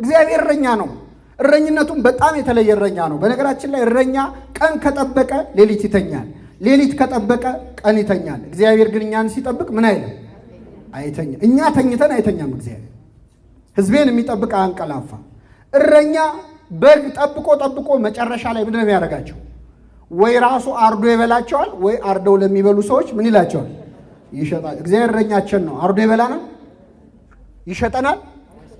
እግዚአብሔር እረኛ ነው። እረኝነቱም በጣም የተለየ እረኛ ነው። በነገራችን ላይ እረኛ ቀን ከጠበቀ ሌሊት ይተኛል፣ ሌሊት ከጠበቀ ቀን ይተኛል። እግዚአብሔር ግን እኛን ሲጠብቅ ምን አይልም አይተኛ። እኛ ተኝተን አይተኛም። እግዚአብሔር ሕዝቤን የሚጠብቅ አንቀላፋ። እረኛ በግ ጠብቆ ጠብቆ መጨረሻ ላይ ምንድን ነው የሚያደርጋቸው? ወይ ራሱ አርዶ ይበላቸዋል፣ ወይ አርደው ለሚበሉ ሰዎች ምን ይላቸዋል? ይሸጣል። እግዚአብሔር እረኛችን ነው። አርዶ ይበላናል፣ ይሸጠናል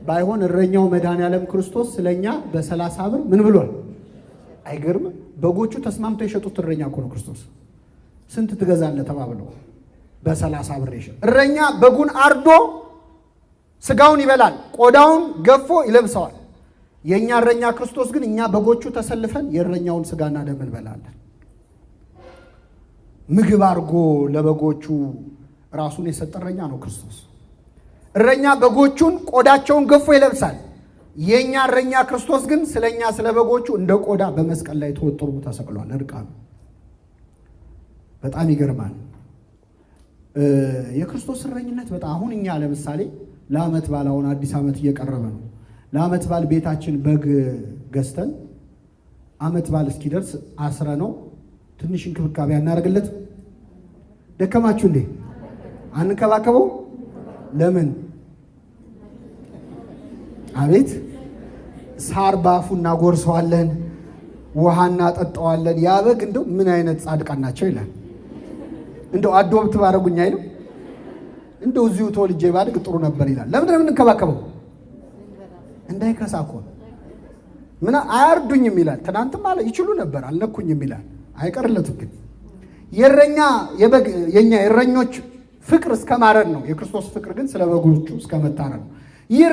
ባይሆን እረኛው መድኃኔዓለም ክርስቶስ ስለኛ በሰላሳ ብር ምን ብሏል? አይገርምም? በጎቹ ተስማምተው የሸጡት እረኛ እኮ ነው ክርስቶስ። ስንት ትገዛለህ ተባብለው በሰላሳ ብር የሸጡት እረኛ በጉን አርዶ ስጋውን ይበላል፣ ቆዳውን ገፎ ይለብሰዋል። የእኛ እረኛ ክርስቶስ ግን እኛ በጎቹ ተሰልፈን የእረኛውን ስጋና ደም እንበላለን። ምግብ አድርጎ ለበጎቹ ራሱን የሰጠ እረኛ ነው ክርስቶስ። እረኛ በጎቹን ቆዳቸውን ገፎ ይለብሳል። የእኛ እረኛ ክርስቶስ ግን ስለ እኛ ስለ በጎቹ እንደ ቆዳ በመስቀል ላይ ተወጥሮ ተሰቅሏል። እርቃኑ በጣም ይገርማል። የክርስቶስ እረኝነት በጣም አሁን እኛ ለምሳሌ ለዓመት በዓል አሁን አዲስ ዓመት እየቀረበ ነው። ለዓመት በዓል ቤታችን በግ ገዝተን ዓመት በዓል እስኪደርስ አስረ ነው ትንሽ እንክብካቤ አናደርግለት። ደከማችሁ እንዴ? አንከባከበው ለምን አቤት ሳር ባፉ እናጎርሰዋለን፣ ውሃ እናጠጣዋለን። ያ በግ እንደው ምን አይነት ጻድቃን ናቸው ይላል። እንደው አዶብት ባረጉኝ አይልም። እንደው እዚሁ ተወልጄ ባድግ ጥሩ ነበር ይላል። ለምን የምንከባከበው? እንዳይከሳ እኮ ምን አያርዱኝም ይላል። ትናንትም አለ ይችሉ ነበር አልነኩኝም ይላል። አይቀርለትም ግን የእረኛ የበግ የኛ የእረኞች ፍቅር እስከ ማረድ ነው። የክርስቶስ ፍቅር ግን ስለ በጎቹ እስከ መታረድ ነው። ይህ